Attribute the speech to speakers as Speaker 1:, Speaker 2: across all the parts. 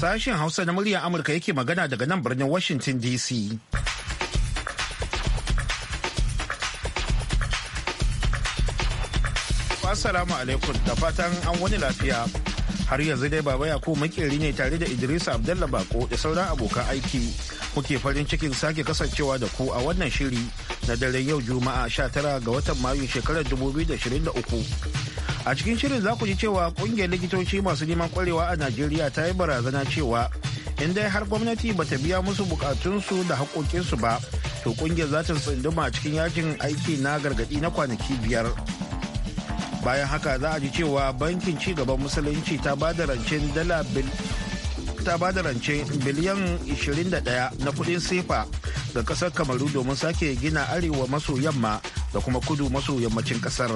Speaker 1: Sashen Hausa na muryar Amurka yake magana daga nan birnin Washington DC. Assalamu alaikum da fatan an wani lafiya. Har yanzu dai Baba Yakubu makeri ne tare da Idris Abdalla Bako da sauran abokan aiki. Kuke farin cikin sake kasancewa da ku a wannan shiri na daren yau Juma'a 19 ga watan Mayu shekarar 2023. a cikin shirin za ku ji cewa kungiyar likitoci masu neman kwarewa a najeriya ta yi barazana cewa in dai har gwamnati ba ta biya musu bukatunsu da haƙoƙinsu ba to kungiyar za ta tsunduma cikin yakin aiki na gargaɗi na kwanaki biyar bayan haka za a ji cewa bankin ci gaban musulunci ta ba da rancen dala ta ba da rance biliyan 21 na kudin sefa ga kasar kamaru domin sake gina arewa maso yamma da kuma kudu maso yammacin kasar.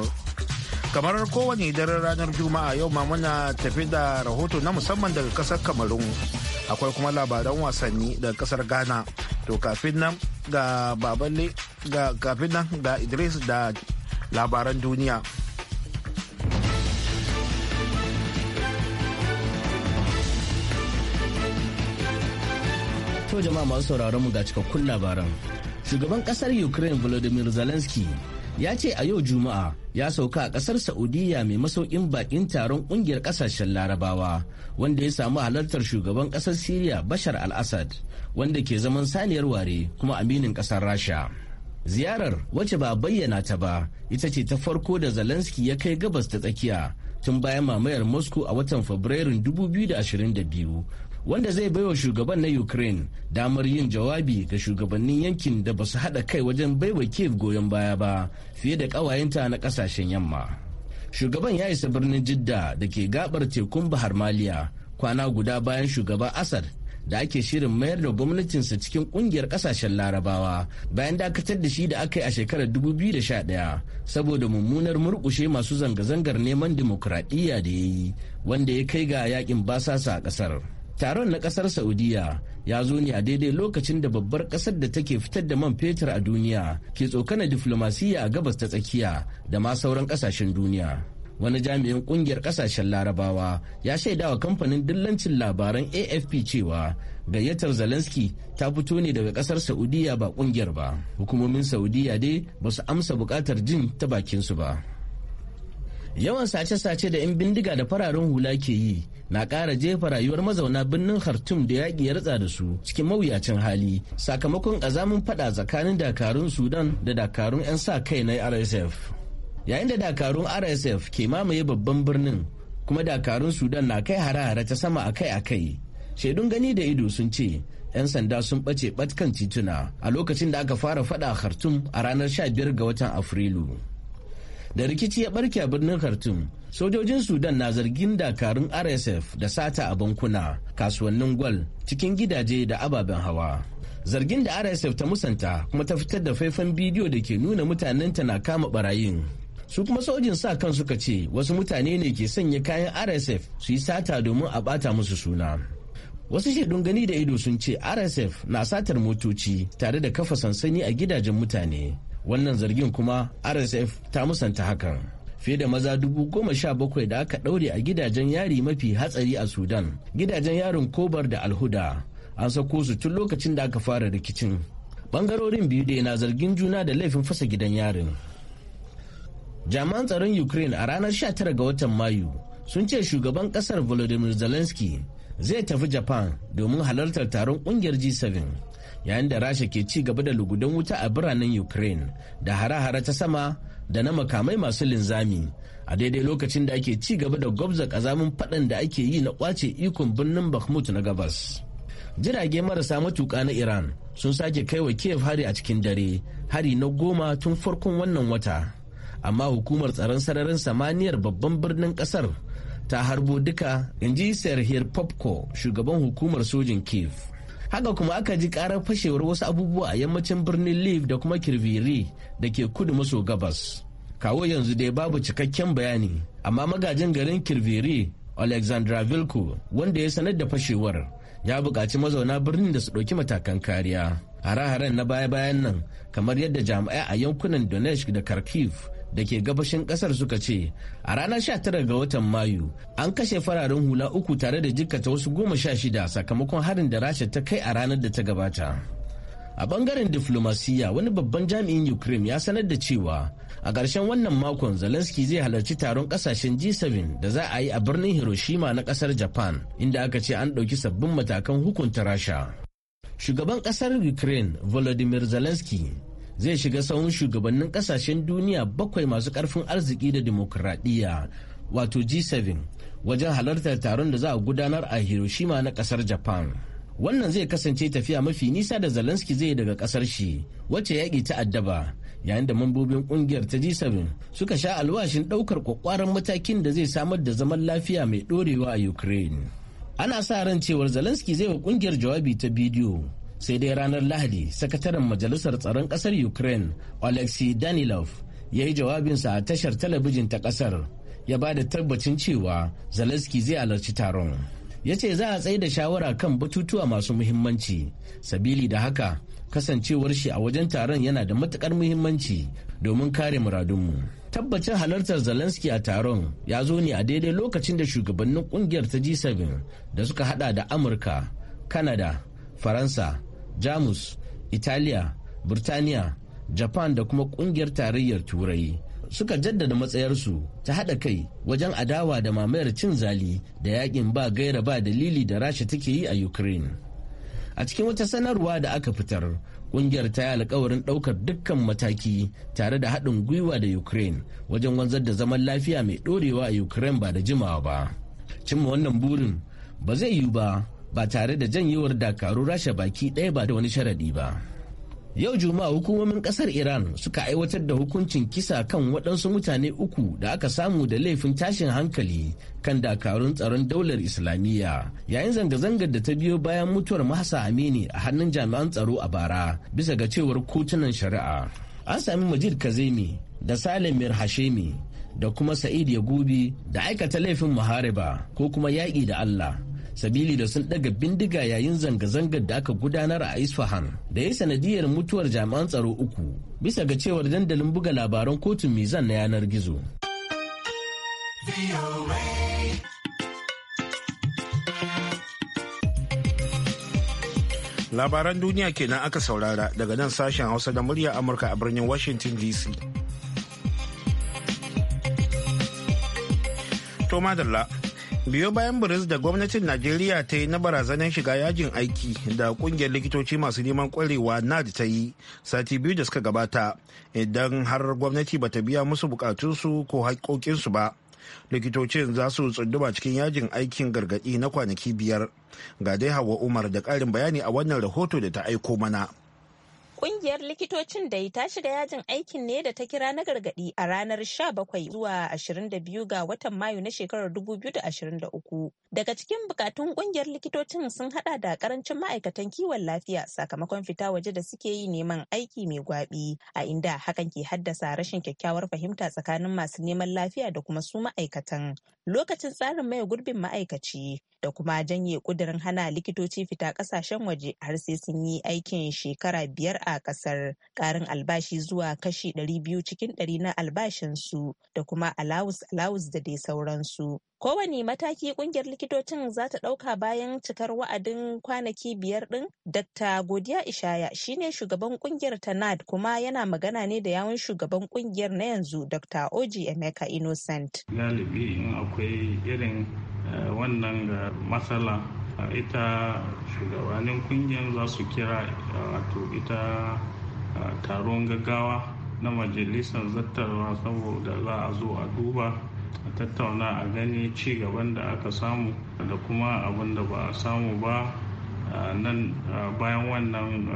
Speaker 1: kamar kowane daren ranar juma'a yau ma muna tafi da rahoto na musamman daga kasar kamarun akwai kuma labaran wasanni daga kasar ghana to kafin nan ga baballe ga kafin nan ga idris da labaran duniya
Speaker 2: To jama'a masu sauraron mu ga cikakkun labaran. Shugaban kasar Ukraine Volodymyr Zelensky ya ce a yau juma'a ya sauka a kasar saudiya mai masaukin bakin taron kungiyar kasashen larabawa wanda ya samu halartar shugaban kasar syria bashar al-assad wanda ke zaman saniyar ware kuma aminin kasar rasha ziyarar wacce ba bayyana ta ba ita ce ta farko da zelensky ya kai gabas ta tsakiya tun bayan mamayar moscow a watan fabrairun 2022 wanda zai baiwa shugaban na ukraine damar yin jawabi ga shugabannin yankin da ba su haɗa kai wajen baiwa kiev goyon baya ba fiye da ƙawayenta na ƙasashen yamma shugaban ya isa birnin jidda da ke gabar tekun bahar maliya kwana guda bayan shugaba asad da ake shirin mayar da gwamnatinsa cikin kungiyar ƙasashen larabawa bayan dakatar da shi da aka yi a shekarar 2011 saboda mummunar murkushe masu zanga-zangar neman dimokuraɗiyya da ya yi wanda ya kai ga yakin basasa a ƙasar. taron na ƙasar saudiya ya zo ne a daidai lokacin da babbar ƙasar da take fitar da man fetur a duniya ke tsokana diflomasiyya a gabas ta tsakiya da ma sauran ƙasashen duniya wani jami'in ƙungiyar ƙasashen larabawa ya shaidawa kamfanin dillancin labaran afp cewa gayyatar zelensky ta fito ne daga ƙasar saudiya ba ƙungiyar ba hukumomin saudiya dai ba su amsa buƙatar jin ta bakinsu ba yawan sace-sace da 'yan bindiga da fararen hula ke yi na ƙara jefa rayuwar mazauna birnin Khartoum da yaƙi ya ratsa da su cikin mawuyacin hali sakamakon ƙazamin fada tsakanin dakarun Sudan da dakarun 'yan sa kai na RSF. Yayin da dakarun RSF ke mamaye babban birnin kuma dakarun Sudan na kai hare-hare ta sama akai-akai. Shaidun gani da ido sun ce 'yan sanda sun ɓace ɓatkan tituna a lokacin da aka fara fada a Khartoum a ranar 15 ga watan Afrilu. da rikici ya barke a birnin khartoum sojojin sudan na zargin dakarun rsf da sata a bankuna kasuwannin gwal cikin gidaje da ababen hawa zargin da rsf ta musanta kuma ta fitar da faifan bidiyo da ke nuna mutanenta na kama barayin su kuma sojin sa kan suka ce wasu mutane ne ke sanya kayan rsf su yi sata domin a bata musu suna wasu shaidun gani da ido sun ce rsf na satar motoci tare da kafa sansani a gidajen mutane wannan zargin kuma rsf ta musanta hakan fiye da maza dubu goma sha bakwai da aka ɗaure a gidajen yari mafi hatsari a sudan gidajen yarin kobar da alhuda an sako su tun lokacin da aka fara rikicin bangarorin biyu da na zargin juna da laifin fasa gidan yarin jami'an tsaron ukraine a ranar 19 ga watan mayu sun ce shugaban kasar volodymyr zelensky zai tafi japan domin halartar taron kungiyar g7 yayin da rasha ke ci gaba da lugudan wuta a biranen ukraine da hare-hare ta sama da na makamai masu linzami a daidai lokacin da ake ci gaba da gwabza kazamin faɗan da ake yi na kwace ikon birnin bakhmut na gabas jirage marasa matuƙa na iran sun sake kai wa kiev hari a cikin dare hari na goma tun farkon wannan wata amma hukumar tsaron sararin samaniyar babban birnin kasar ta harbo duka in ji serhir popko shugaban hukumar sojin kiev haka kuma aka ji karar fashewar wasu abubuwa a yammacin birnin liv da kuma kirviri da ke kudu maso gabas kawo yanzu dai babu cikakken bayani amma magajin garin kirviri alexandra vilko wanda ya sanar da fashewar ya buƙaci mazauna birnin da su ɗauki matakan kariya hare-haren na baya-bayan nan kamar yadda jami'ai a yankunan donetsk da kharkiv da ke gabashin kasar suka ce a ranar 19 ga watan mayu an kashe fararen hula uku tare da jikkata wasu goma sha shida sakamakon harin da rasha ta kai a ranar da ta gabata a bangaren diflomasiyya wani babban jami'in ukraine ya sanar da cewa a ƙarshen wannan makon zelensky zai halarci taron ƙasashen g7 da za a yi a birnin hiroshima na ƙasar japan inda aka ce an ɗauki sabbin matakan hukunta rasha shugaban ƙasar ukraine volodymyr zelensky zai shiga sahun shugabannin kasashen duniya bakwai masu karfin arziki da demokuraɗiyya wato g7 wajen halartar taron da za a gudanar a hiroshima na kasar japan wannan zai kasance tafiya mafi nisa da zelensky zai daga kasar shi wacce yaƙi ta addaba yayin da mambobin kungiyar ta g7 suka sha alwashin ɗaukar kwakwaran matakin da zai samar da zaman lafiya mai ɗorewa a ukraine ana sa ran cewar zelensky zai wa kungiyar jawabi ta bidiyo sai dai ranar lahadi sakataren majalisar tsaron kasar ukraine alexei danilov ya yi jawabinsa a tashar talabijin ta kasar ya ba da tabbacin cewa zelensky zai halarci taron ya ce za a tsaye da shawara kan batutuwa masu muhimmanci sabili da haka kasancewar shi a wajen taron yana da matukar muhimmanci domin kare muradunmu tabbacin halartar zelensky a taron ya zo ne a daidai lokacin da shugabannin kungiyar ta g7 da suka hada da amurka kanada faransa jamus italiya burtaniya japan da kuma kungiyar tarayyar turai suka jaddada matsayarsu ta haɗa kai wajen adawa da mamayar cin zali da yakin ba gaira ba dalili da rasha take yi a ukraine a cikin wata sanarwa da aka fitar kungiyar ta yi alkawarin ɗaukar dukkan mataki tare da haɗin gwiwa da ukraine wajen wanzar da zaman lafiya mai ɗorewa a ukraine ba da jimawa ba cimma wannan burin ba zai yiwu ba ba tare da janyewar dakaru rasha baki ɗaya ba da wani sharadi ba yau juma'a hukumomin ƙasar iran suka aiwatar da hukuncin kisa kan waɗansu mutane uku da aka samu da laifin tashin hankali kan dakarun tsaron daular islamiyya yayin zanga-zangar da ta biyo bayan mutuwar mahasa amini a hannun jami'an tsaro a bara bisa ga cewar kotunan shari'a an sami majid kazemi da salim mir hashemi da kuma sa'id yagubi da aikata laifin muhariba ko kuma yaƙi da allah sabili da sun daga bindiga yayin zanga-zangar da aka gudanar a isfahan da ya sanadiyar mutuwar jami'an tsaro uku bisa ga cewar dandalin buga labaran kotun mizan na yanar gizo
Speaker 1: labaran duniya kenan aka saurara daga nan sashen hausa da murya amurka a birnin washington dc to madalla biyo bayan biris da gwamnatin najeriya ta yi na barazanar shiga yajin aiki da kungiyar likitoci masu neman kwarewa nad ta yi sati biyu da suka gabata idan har gwamnati bata biya musu bukatunsu ko haƙoƙinsu ba likitocin za su tsunduma cikin yajin aikin gargaɗi na kwanaki biyar ga dai hawa umar da ƙarin bayani a wannan rahoto da ta aiko mana.
Speaker 3: Kungiyar likitocin da ta shiga yajin aikin ne da ta kira na gargadi a ranar 17 zuwa 22 ga watan Mayu na shekarar 2023 Daga cikin bukatun kungiyar likitocin sun hada da karancin ma'aikatan kiwon lafiya sakamakon fita waje da suke yi neman aiki mai gwabi a inda hakan ke haddasa rashin kyakkyawar fahimta tsakanin masu neman lafiya da kuma su ma'aikatan. Lokacin tsarin mai gurbin ma'aikaci da kuma janye kudirin hana likitoci fita kasashen waje har sai sun yi aikin shekara biyar a kasar karin albashi zuwa kashi 200 cikin 100 na albashinsu da kuma alawus alawus da dai sauransu. Kowane mataki kungiyar likitocin za ta ɗauka bayan cikar wa'adin kwanaki biyar ɗin? Dr. Godiya Ishaya shine shugaban kungiyar NAD kuma yana magana ne da yawun shugaban kungiyar na yanzu Dr. Oji Emeka Innocent.
Speaker 4: Galibi in akwai irin eh, wannan matsala eh, ita shugabanin kungiyar za su kira eh, wato ita taron gaggawa na majalisar zattarwa saboda za a zo a duba a tattauna a gani ci gaban da aka samu da kuma abin da ba a samu ba nan bayan wannan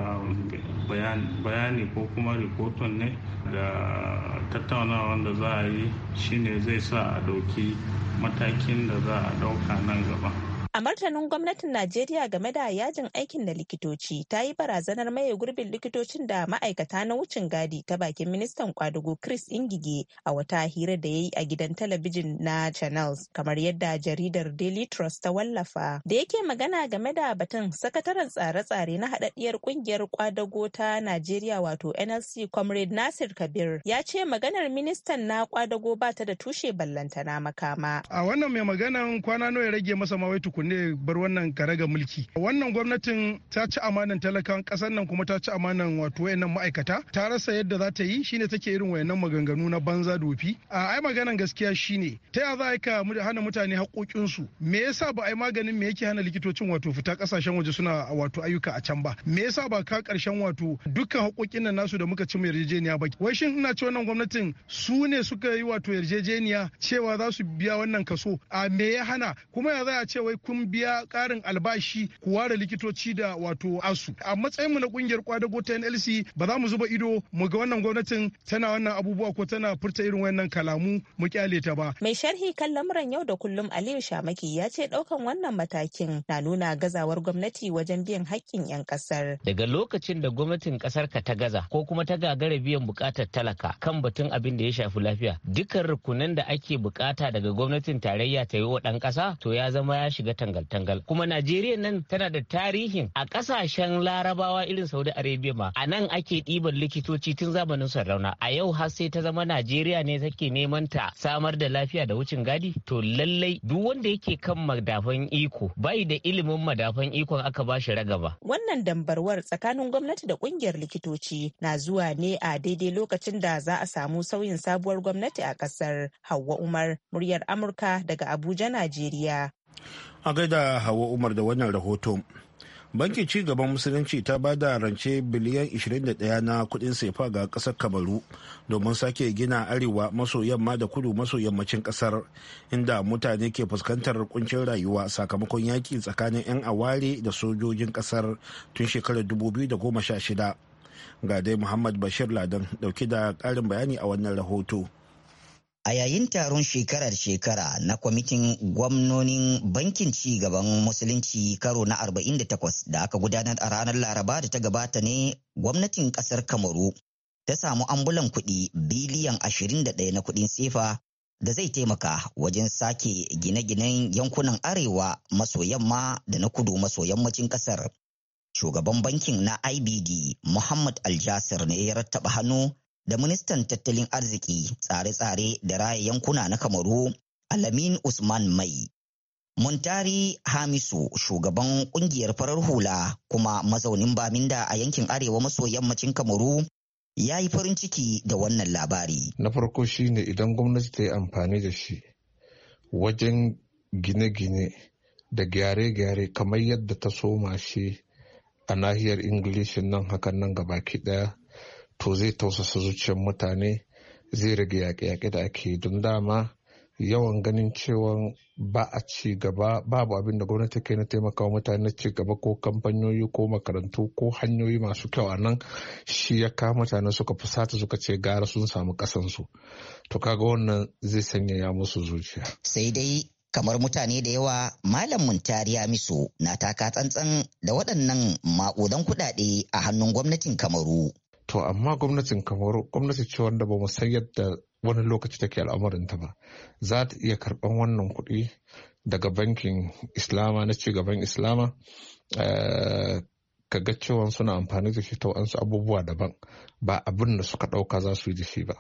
Speaker 4: bayani ko kuma rikoton ne da tattaunawa da za a yi shine zai sa a ɗauki matakin da za a ɗauka nan gaba.
Speaker 3: A martanin gwamnatin Najeriya game da yajin aikin da likitoci ta yi barazanar maye gurbin likitocin da ma'aikata na wucin gadi ta bakin ministan kwadugo Chris Ingige a wata hira da ya yi a gidan talabijin na Channels kamar yadda jaridar Daily Trust ta wallafa. Da yake magana game da batun sakataren tsare-tsare na haɗaɗɗiyar ƙungiyar kwadago ta Najeriya wato NLC Comrade Nasir Kabir ya ce maganar ministan na kwadago ba ta da tushe ballantana makama.
Speaker 1: A wannan mai maganan kwana nawa ya rage masa mawai tukuni ne bar wannan karaga mulki wannan gwamnatin ta ci amanan talakan kasar nan kuma ta ci amanan wato wayannan ma'aikata ta rasa yadda za ta yi shine take irin wayannan maganganu na banza dofi a ai maganan gaskiya shine ta ya za a ka hana mutane haƙoƙinsu me yasa ba ai maganin me yake hana likitocin wato fita kasashen waje suna wato ayyuka a can ba me yasa ba ka karshen wato dukkan haƙoƙin nan nasu da muka ci mai yarjejeniya ba wai shin ina ce wannan gwamnatin su ne suka yi wato yarjejeniya cewa za su biya wannan kaso a me ya hana kuma ya za a ce wai kun mun biya ƙarin albashi ku ware likitoci da wato asu a matsayin mu na kungiyar kwadago ta NLC ba za mu zuba ido mu ga wannan gwamnatin tana wannan abubuwa ko tana furta irin wannan
Speaker 2: kalamu mu kyale ta ba
Speaker 3: mai sharhi kan lamuran yau da kullum Aliyu Shamaki ya ce daukan wannan matakin na nuna gazawar gwamnati wajen biyan haƙƙin 'yan kasar.
Speaker 2: daga lokacin da gwamnatin kasar ka ta gaza ko kuma ta gagara biyan bukatar talaka kan batun abin da ya shafi lafiya dukkan rukunan da ake bukata daga gwamnatin tarayya ta yi wa dan kasa to ya zama ya shiga tangal-tangal kuma najeriya nan tana da tarihin a kasashen larabawa irin saudi arabia ma a nan ake ɗiban likitoci tun zamanin sarrauna a yau har sai ta zama najeriya ne take neman ta samar da lafiya da wucin gadi to lallai duk wanda yake kan madafan iko bai da ilimin madafan ikon aka ba shi ragaba
Speaker 3: wannan dambarwar tsakanin gwamnati da kungiyar likitoci na zuwa ne a daidai lokacin da za a samu sauyin sabuwar gwamnati a kasar Hauwa umar muryar amurka daga abuja najeriya
Speaker 1: a gaida hawa umar da wannan rahoto bankin ci gaban musulunci ta ba da rance biliyan 21 na kudin sefa ga kasar kabaru domin sake gina arewa maso yamma da kudu maso yammacin kasar inda mutane ke fuskantar kuncin rayuwa sakamakon yaƙi tsakanin 'yan aware da sojojin kasar tun shekarar 2016 ga dai muhammad bashir ladan dauki da karin bayani a wannan rahoto
Speaker 5: A yayin taron shekarar-shekara na kwamitin gwamnonin bankin ci gaban musulunci karo na 48 da aka gudanar a ranar Laraba da ta gabata ne gwamnatin kasar Kamaru ta samu ambulan kuɗi biliyan 21 na kuɗin sefa da zai taimaka wajen sake gine-ginen yankunan arewa maso yamma da na kudu maso yammacin kasar. Shugaban bankin na IBD Muhammad Aljasir ne ya rattaba hannu da ministan tattalin arziki tsare-tsare da raya yankuna na kamaru alamin usman mai muntari hamisu shugaban kungiyar farar hula kuma mazaunin baminda a yankin arewa maso yammacin kamaru ya yi farin ciki da wannan labari
Speaker 6: na farko shine idan gwamnati ta yi amfani da shi wajen gine-gine da gyare-gyare kamar yadda ta soma shi a nahiyar ingilishin nan hakan nan gabaki daya to zai tausasa zuciyar mutane zai rage yaƙe-yaƙe da ake don dama yawan ganin cewa ba a ci gaba babu abin da gwamnati ke na taimakawa mutane na ci gaba ko kamfanyoyi ko makarantu ko hanyoyi masu kyau a nan shi ya kawo mutane suka fusata suka ce gara sun samu kasansu to kaga wannan zai sanya ya musu zuciya sai dai kamar mutane da yawa malam muntari
Speaker 5: miso na taka tsantsan da waɗannan maƙudan kuɗaɗe a hannun gwamnatin kamaru
Speaker 6: To amma gwamnatin kamar gwamnati ce wanda ba mu san yadda wani lokaci take al'amarinta ba za ta iya karɓan wannan kuɗi daga bankin islama na cigaban islama eh, ka ga cewa suna amfani da shi ta wasu abubuwa daban ba abin da suka ɗauka za su yi da shi ba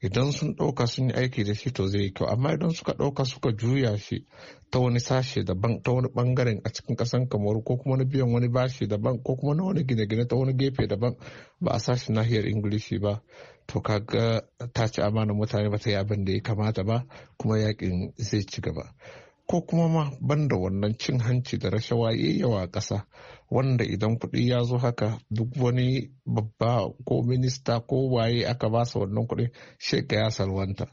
Speaker 6: idan sun ɗauka sun yi aiki da shi to zai yi kyau amma idan suka ɗauka suka juya shi ta wani sashe daban ta wani bangaren a cikin ƙasan kamaru ko kuma na biyan wani bashi daban ko kuma na wani gine-gine ta wani gefe daban ba a sashi nahiyar ingilishi ba to kaga ta ci amana mutane ba ta yi abin da ya kamata ba kuma yakin zai ci gaba ko kuma ma banda wannan cin hanci da rashawa yawa a ƙasa wanda idan kuɗi ya zo haka duk wani babba ko minista ko waye aka ba basa wannan kuɗi sheka ya salwanta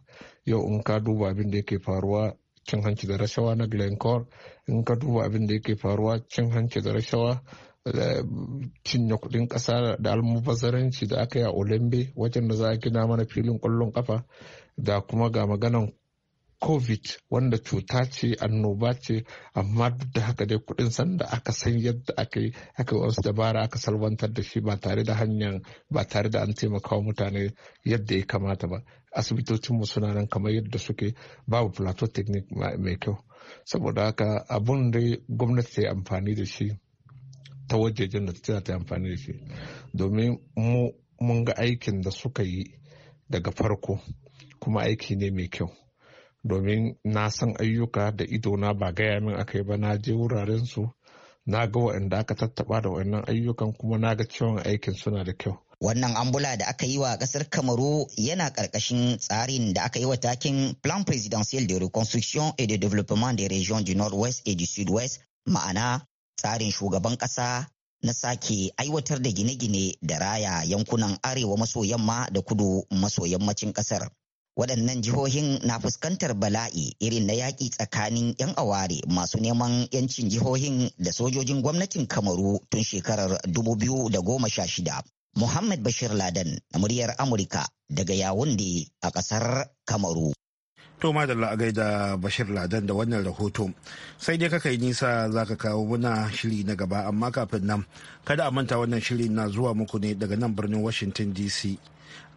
Speaker 6: yau in ka duba abin da yake faruwa cin hanci da rashawa na glencore in ka duba abin da yake faruwa cin hanci da rashawa eh, cinye kuɗin kasa da almubazzaranci da aka yi a olambe wajen da za a gina mana filin kwallon ƙafa? da kuma ga maganan covid wanda cuta ce annoba ce amma duk da haka dai kudin sanda aka san yadda aka yi aka wasu dabara aka salwantar da shi ba tare da hanyar ba tare da an taimaka mutane yadda ya kamata ba asibitocinmu suna nan kamar yadda suke babu plateau technique mai kyau saboda haka abun da gwamnati ta yi amfani da shi ta wajejen da ta ta amfani da shi domin mun ga aikin da suka yi daga farko kuma aiki ne mai kyau domin na san ayyuka da idona ba gaya min aka yi ba na je wuraren su na ga waɗanda aka tattaba da wannan ayyukan kuma na ga cewa aikin suna da kyau
Speaker 5: wannan ambula da aka yi wa kasar kamaru yana karkashin tsarin da aka yi wa takin plan presidential de reconstruction et de développement des régions du nord-ouest et du sud-ouest ma'ana tsarin shugaban kasa na sake aiwatar da gine-gine da raya yankunan arewa maso yamma da kudu maso yammacin kasar waɗannan jihohin na fuskantar bala'i irin na yaƙi tsakanin 'yan aware masu neman 'yancin jihohin da sojojin gwamnatin kamaru tun shekarar 2016 muhammad bashir Ladan muryar amurka daga yawunde a ƙasar kamaru to ma da la'agai da bashir ladan da wannan rahoto sai dai kaka yi nisa
Speaker 1: za ka kawo muna shiri na gaba amma kafin nan kada a manta wannan shiri na zuwa muku ne daga nan birnin washington dc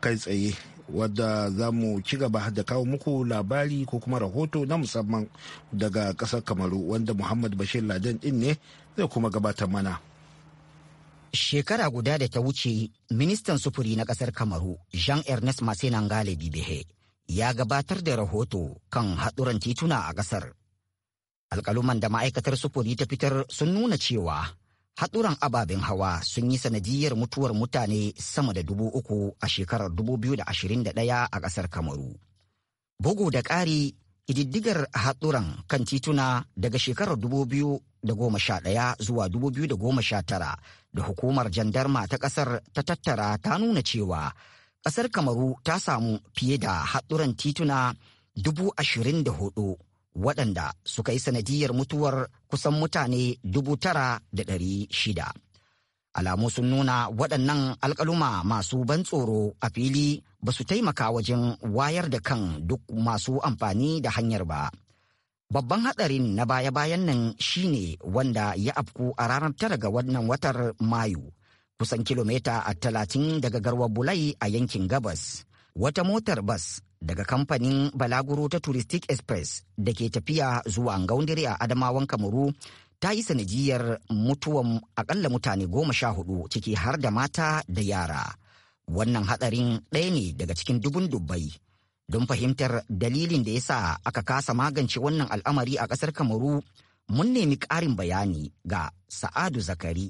Speaker 1: kai tsaye wadda za mu ci gaba da kawo muku labari ko kuma rahoto na musamman daga ƙasar kamaru wanda muhammad bashir laden din ne zai kuma gabatar mana
Speaker 5: shekara guda da ta wuce ministan sufuri na ƙasar kamaru jean ernest masenangale bibehe ya gabatar da rahoto kan haɗuran tituna a ƙasar Alkaluman da ma'aikatar sufuri ta fitar sun nuna cewa haɗuran ababen hawa sun yi sanadiyar mutuwar mutane sama da dubu uku a shekarar 2021 a ƙasar kamaru bugu da ƙari ƙididdigar haɗuran kan tituna daga shekarar 2011 zuwa 2019 da hukumar jandarma ta ƙasar ta tattara ta nuna cewa ƙasar kamaru ta samu fiye da haɗuran tituna hudu. waɗanda suka yi sanadiyar mutuwar kusan mutane dubu tara da ɗari shida. Alamu sun nuna waɗannan alƙaluma masu ban tsoro a fili ba su taimaka wajen wayar da kan duk masu amfani da hanyar ba. Babban haɗarin na baya-bayan nan shine wanda ya afku a ranar tara ga wannan watar Mayu, kusan kilomita a talatin daga garwa Bulai a yankin gabas. Wata motar bas daga kamfanin balaguro ta touristic express da ke tafiya zuwa ngaundiri a adamawan kamaru ta yi sanadiyar mutuwan akalla mutane goma sha hudu ciki har da mata da yara wannan hatsarin ɗaya ne daga cikin dubun dubbai don fahimtar dalilin da ya sa aka kasa magance wannan al'amari a ƙasar kamaru mun nemi ƙarin bayani ga sa'adu zakari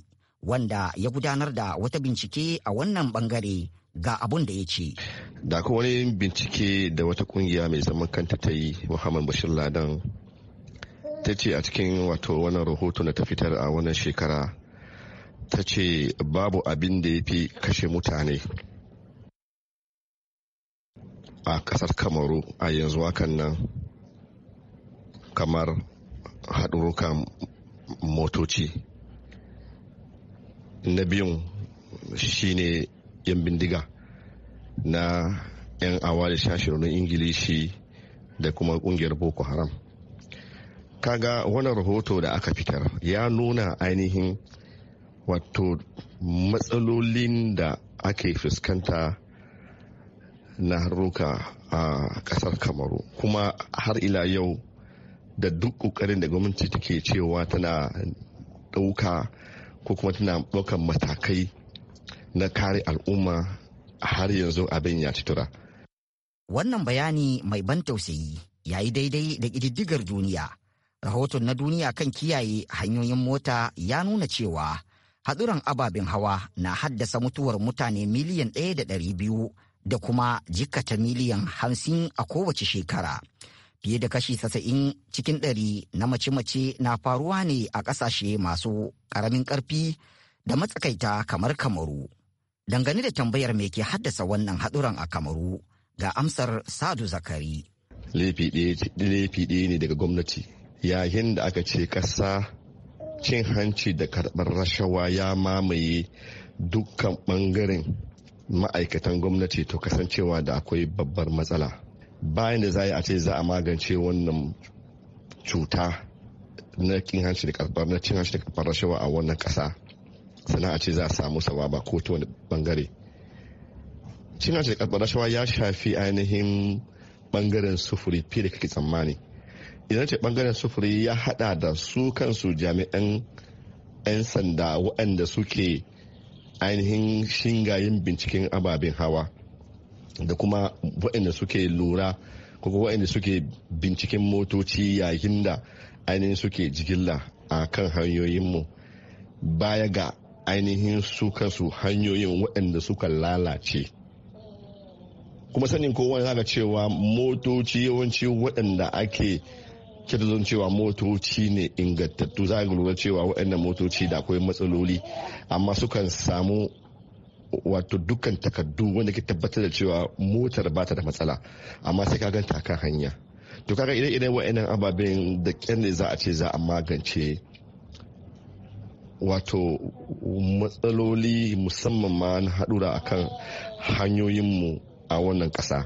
Speaker 5: wanda ya gudanar da wata bincike a wannan bangare ga abun da ya ce.
Speaker 7: Da kuma wani bincike da wata kungiya mai zaman kanta ta yi Muhammad Bashir Ladan ta ce a cikin wato wannan rahoto da ta fitar a wannan shekara ta ce babu abin da ya fi kashe mutane a kasar kamaru a yanzu hakan nan kamar haɗurukan motoci na biyun shine 'yan bindiga na 'yan awa da shashirunan ingilishi da kuma kungiyar boko haram kaga wannan rahoto da aka fitar ya nuna ainihin wato matsalolin da ake fuskanta na harruka a kasar kamaru kuma har ila yau da duk kokarin da gwamnati take cewa tana dauka ko kuma tana ɗaukan matakai na kare al'umma har yanzu abin ya ci tura.
Speaker 5: Wannan bayani mai ban tausayi ya yi daidai da ƙididdigar duniya. Rahoton na duniya kan kiyaye hanyoyin mota ya nuna cewa haɗuran ababen hawa na haddasa mutuwar mutane miliyan ɗaya da ɗari biyu da kuma jikkata miliyan hamsin a kowace shekara. Fiye da kashi sasa'in cikin ɗari na mace-mace na faruwa ne a ƙasashe masu ƙaramin ƙarfi da matsakaita kamar kamaru. Dangane da tambayar mai ke haddasa wannan haduran a Kamaru ga amsar Sadu Zakari.
Speaker 7: Laifi ɗaya ne daga gwamnati. Yayin da aka ce ƙasa cin hanci da karɓar rashawa ya mamaye dukkan ɓangaren ma'aikatan gwamnati to kasancewa da akwai babbar matsala. Bayan da za a ce za a magance wannan cuta na cin hanci da karɓar rashawa a wannan ƙasa. sana'a ce za a samu sababa ko ta wani bangare cin hanci da rashawa ya shafi ainihin bangaren sufuri fiye da kake tsammani idan ce bangaren sufuri ya hada da su kansu jami'an 'yan sanda waɗanda suke ainihin shingayen binciken ababen hawa da kuma waɗanda suke lura ko waɗanda suke binciken motoci yayin da ainihin suke jigilla a kan hanyoyinmu baya ga ainihin su kansu hanyoyin waɗanda suka lalace kuma sanin kowa ya zaga cewa motoci yawanci waɗanda ake kirzon cewa motoci ne ingantattu za a lura cewa waɗannan motoci da akwai matsaloli amma sukan samu wato dukkan takardu wanda ke tabbatar da cewa motar ba ta da matsala amma sai ka ganta kan hanya to kaga idan idan waɗannan ababen da kyan za a ce za a magance wato matsaloli musamman ma na haɗura kan hanyoyinmu a wannan ƙasa.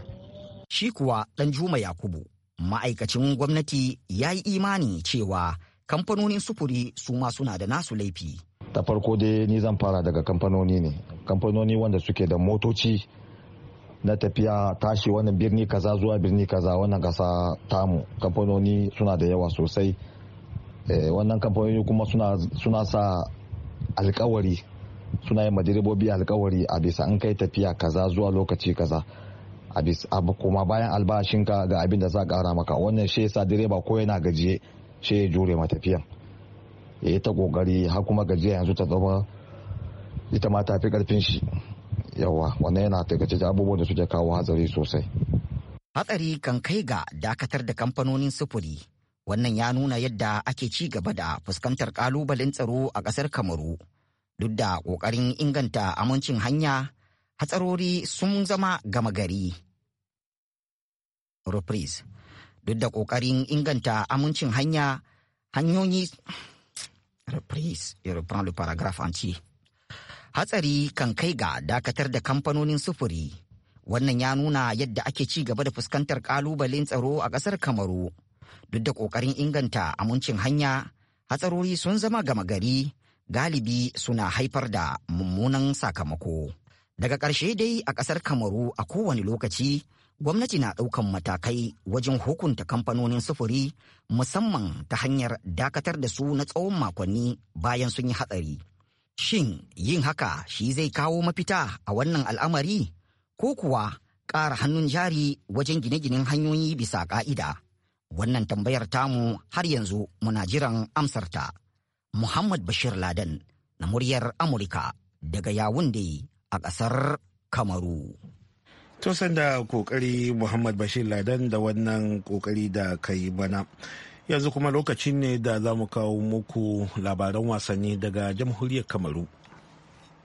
Speaker 7: Shi kuwa ɗan Juma Yakubu,
Speaker 5: ma'aikacin gwamnati ya yi imani cewa kamfanonin sufuri su ma suna da nasu laifi.
Speaker 7: Ta farko dai ni zan fara daga kamfanoni ne, kamfanoni wanda suke da motoci na tafiya tashi wannan birni kaza zuwa birni kaza wannan ƙasa tamu kamfanoni suna da yawa sosai. Eh, wannan kamfanoni kuma suna sa alkawari suna yi direbobi alkawari a bisa an kai tafiya kaza zuwa lokaci kaza a bisa kuma bayan albashinka ga abin da za a kara maka wannan shi yasa direba ko yana gajiye shi ya jure tafiyan ya yi ta kokari har kuma gajiya yanzu ta zama ita ma ta fi karfin shi yawa wannan yana da abubuwan da suke kawo hatsari sosai
Speaker 5: hatsari kan kai ga dakatar da kamfanonin sufuri Wannan ya nuna yadda ake ci gaba da fuskantar kalubalen tsaro a ƙasar Kamaru. Duk da ƙoƙarin inganta amincin hanya, hatsarori sun zama gama gari. Duk da ƙoƙarin inganta amincin hanya, hanyoyi. hatsari kan kai ga dakatar da kamfanonin sufuri. Wannan ya nuna yadda ake ci gaba da fuskantar kalubalen tsaro a ƙasar Kamaru. duk da ƙoƙarin inganta amincin hanya hatsarori sun zama gama gari galibi suna haifar da mummunan sakamako daga ƙarshe dai a ƙasar kamaru a kowane lokaci gwamnati na ɗaukan matakai wajen hukunta kamfanonin sufuri musamman ta hanyar dakatar da su na tsawon makonni bayan sun yi hatsari shin yin haka shi zai kawo mafita a wannan al'amari ko kuwa ƙara hannun jari wajen gine-ginen hanyoyi bisa ƙa'ida Wannan tambayar tamu har yanzu muna jiran amsarta. Muhammad Bashir Laden na muryar Amurka daga Yawunde a ƙasar Kamaru. To sanda kokari Muhammad Bashir Laden da wannan
Speaker 1: kokari da kai bana. Yanzu kuma lokaci ne da za mu kawo muku labaran wasanni daga jamhuriyar Kamaru.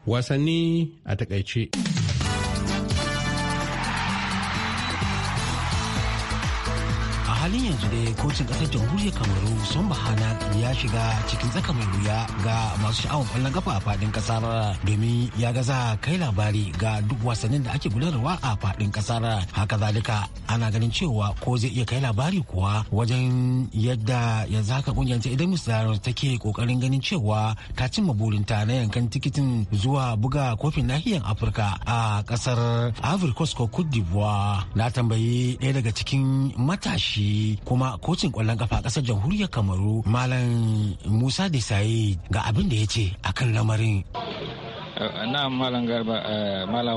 Speaker 4: Wasanni a takaice.
Speaker 8: halin yanzu dai kocin kasar jamhuriyar kamaru sun bahana ya shiga cikin tsaka mai wuya ga masu sha'awar kwallon kafa a fadin kasar domin ya gaza kai labari ga duk wasannin da ake gudanarwa a fadin kasar haka zalika ana ganin cewa ko zai iya kai labari kuwa wajen yadda yanzu haka kungiyar ta idan misalin take kokarin ganin cewa ta cimma burinta na yankan tikitin zuwa buga kofin nahiyar afirka a kasar ivory coast ko cote d'ivoire na tambayi ɗaya daga cikin matashi kuma kocin kwallon kafa kasar jamhuriyar kamaru malam musa desaye ga abin da ya ce a kan lamarin
Speaker 4: eh, na malam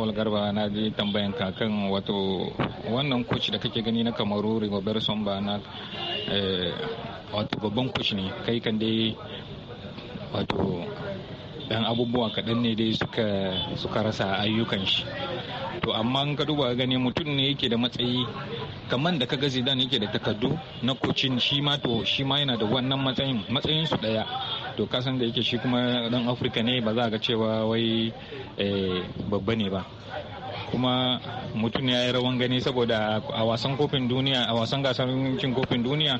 Speaker 4: eh, garba na ji tambayan kakan wato wannan kuci da kake gani na kamaru rigobert somba na eh, wato babban kuci ne kai kan dai wato dan abubuwa kaɗan ne dai suka suka rasa ayyukan shi to amma in ka duba gani mutum ne yake da matsayi kamar da kaga zidane yake da takardu na kocin shi ma to shi ma yana da wannan matsayin matsayin su daya to kasan da yake shi kuma dan afirka ne ba za ga cewa wai eh, babba ne ba kuma mutum ya yi rawan gani saboda a wasan kofin duniya a wasan gasar cin kofin duniya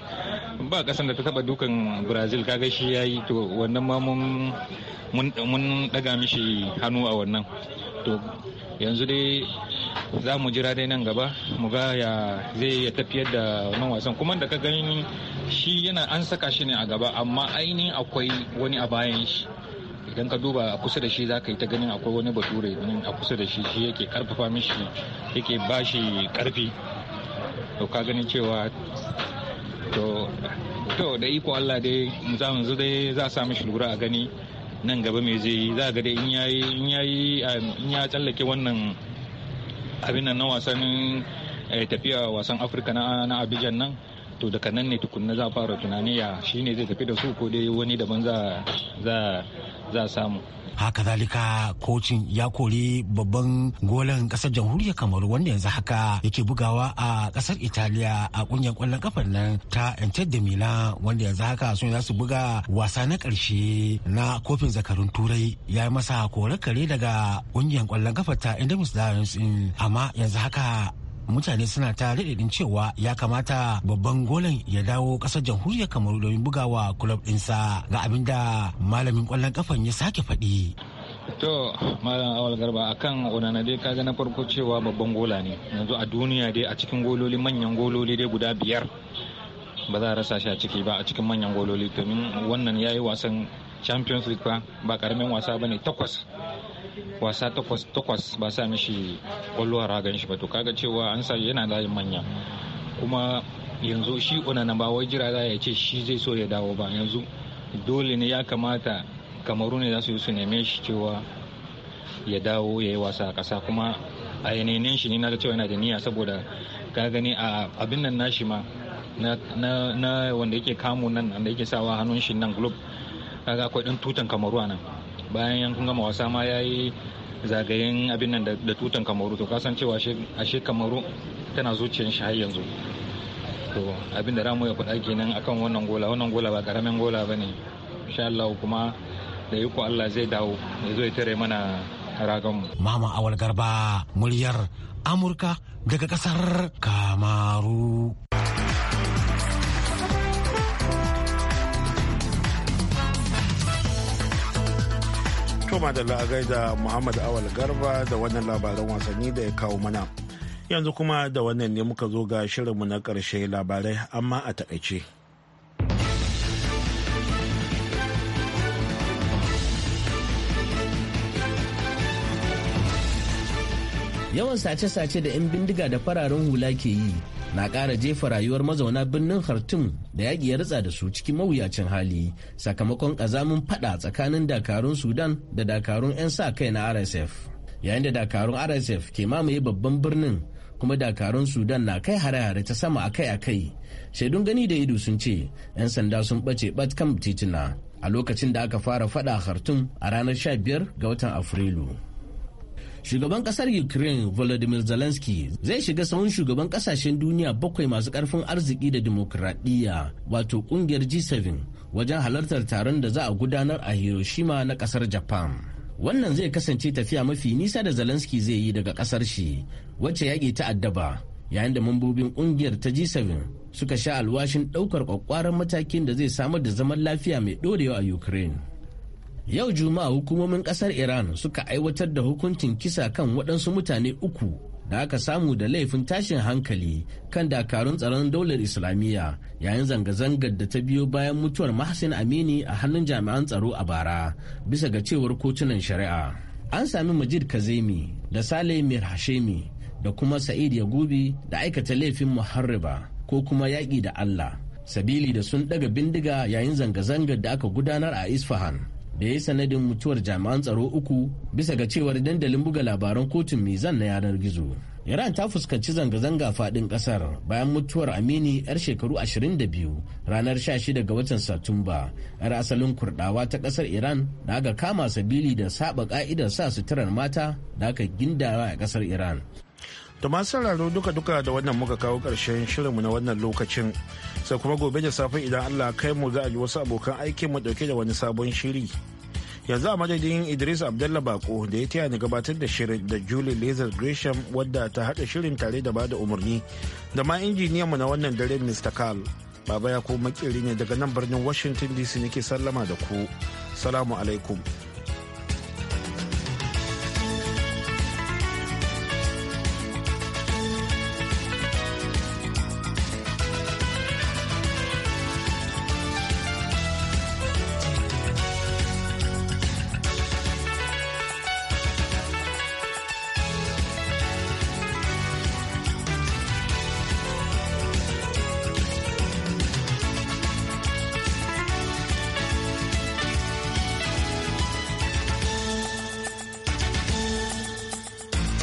Speaker 4: ba kasan da ta taba dukan brazil kaga shi ya yi to wannan ma mun daga mishi hannu a wannan to yanzu dai za mu jira dai nan gaba mu ga ya zai ya tafiyar da wannan wasan kuma da ka gani shi yana an saka shi ne a gaba amma ainihin akwai wani a bayan shi idan ka duba a kusa da shi za ka yi ta ganin akwai wani bature a kusa da shi shi yake karfafa mishi yake ba shi karfi to ka ganin cewa to to da iko Allah dai za mu dai za sa mishi lura a gani nan gaba me zai yi za ga dai in yayi in yayi in ya tsallake wannan abin nan na wasan eh, tafiya wasan Afirka na Abidjan nan to daga nan ne tukunna za fara tunani ya shine zai tafi da su ko dai wani daban za za samu
Speaker 8: haka zalika kocin ya kori babban golan kasar jamhuriyar kamaru wanda yanzu haka yake bugawa a kasar italiya a kungiyar kwallon kafar nan ta inter da milan wanda yanzu haka sun za buga wasa na karshe na kofin zakarun turai ya yi masa kore kare daga kungiyar kwallon kafar ta inter amma yanzu haka mutane suna ta raɗaɗin cewa ya kamata babban golan ya dawo ƙasar jamhuriyar kamaru domin bugawa kulob ɗinsa ga abin da malamin kwallon kafan ya sake faɗi.
Speaker 4: to malam awal garba akan onana dai kaga na farko cewa babban gola ne yanzu a duniya dai a cikin gololi manyan gololi dai guda biyar ba za a rasa shi a ciki ba a cikin manyan gololi domin wannan ya yi wasan champions league ba ba karamin wasa ba ne takwas wasa takwas takwas ba sa mishi kwallo ragan shi ba to kaga cewa an sa yana layin manya kuma yanzu shi na ba wai jira ya ce shi zai so ya dawo ba yanzu dole ne ya kamata kamaru ne za su yi su neme shi cewa ya dawo ya yi wasa a ƙasa kuma a yanayin shi ne na cewa yana da niyya saboda ka gani a abin nan nashi ma na wanda yake kamu nan da yake sawa hannun shi nan globe kaga akwai ɗan tutan kamaru a nan bayan kun gama wasa ma ya yi zagayen abin nan da tutan kamaru to kasan cewa ashe kamaru tana zuciyar shi har yanzu to abin da ramu ya faɗa kenan akan wannan gola wannan gola ba karamin gola ba ne insha Allah kuma da yi Allah zai dawo ya zo ya tare mana ragan
Speaker 8: mama awal garba muryar amurka daga kasar kamaru
Speaker 1: koma da la'agai da Muhammad Awal Garba da wannan labaran wasanni da ya kawo mana. Yanzu kuma da wannan ne muka zo ga shirinmu na ƙarshe labarai amma a takaice.
Speaker 2: Yawan sace-sace da 'yan bindiga da fararen hula ke yi na ƙara jefa rayuwar mazauna birnin Khartoum da yaƙi ya ritsa da su cikin mawuyacin hali sakamakon ƙazamin fada tsakanin dakarun Sudan da dakarun 'yan sa kai na RSF. Yayin da dakarun RSF ke mamaye babban birnin kuma dakarun Sudan na kai hare-hare ta sama akai-akai. Shaidun gani da ido sun ce 'yan sanda sun ɓace ɓat kan titina a lokacin da aka fara fada Khartoum a ranar 15 ga watan Afrilu. shugaban kasar ukraine volodymyr zelensky zai shiga sahun shugaban kasashen duniya bakwai masu karfin arziki da dimokuraɗiyya wato kungiyar g7 wajen halartar taron da za a gudanar a hiroshima na kasar japan wannan zai kasance tafiya mafi nisa da zelensky zai yi daga kasar shi wacce yaƙi ta addaba yayin da mambobin kungiyar ta g7 suka sha alwashin ɗaukar ƙwaƙƙwaran matakin da zai samar da zaman lafiya mai ɗorewa a ukraine Yau Juma'a hukumomin kasar Iran suka aiwatar da hukuncin kisa kan waɗansu mutane uku da aka samu da laifin tashin hankali kan dakarun tsaron daular Islamiyya yayin zanga-zangar da ta biyo bayan mutuwar Mahsin Amini a hannun jami'an tsaro a bara bisa ga cewar kotunan shari'a. An sami Majid Kazemi da sale Mir Hashemi da kuma Sa'id Yagubi da aikata laifin muharriba ko kuma yaƙi da Allah sabili da sun ɗaga bindiga yayin zanga-zangar da aka gudanar a Isfahan. da ya yi sanadin mutuwar jami'an tsaro uku bisa ga cewar dandalin buga labaran kotun mizan na yanar gizo iran ta fuskanci zanga-zanga fadin kasar bayan mutuwar amini yar shekaru 22 ranar 16 ga watan satumba yar asalin kurdawa ta kasar iran da aka kama sabili da saba ka'idar sa suturar mata da aka gindawa a kasar iran
Speaker 1: To ma sauraro duka-duka da wannan muka kawo ƙarshen shirinmu na wannan lokacin. Sai kuma gobe da safe idan Allah kai mu za a ji wasu abokan aikin mu dauke da wani sabon shiri. Yanzu a madadin Idris Abdullah Bako da ya taya ni gabatar da shirin da Julie Lazar Gresham wadda ta haɗa shirin tare da bada umarni da ma injiniyan mu na wannan dare Mr. karl Baba ya ko makiri ne daga nan birnin Washington DC nake sallama da ku. Salamu alaikum.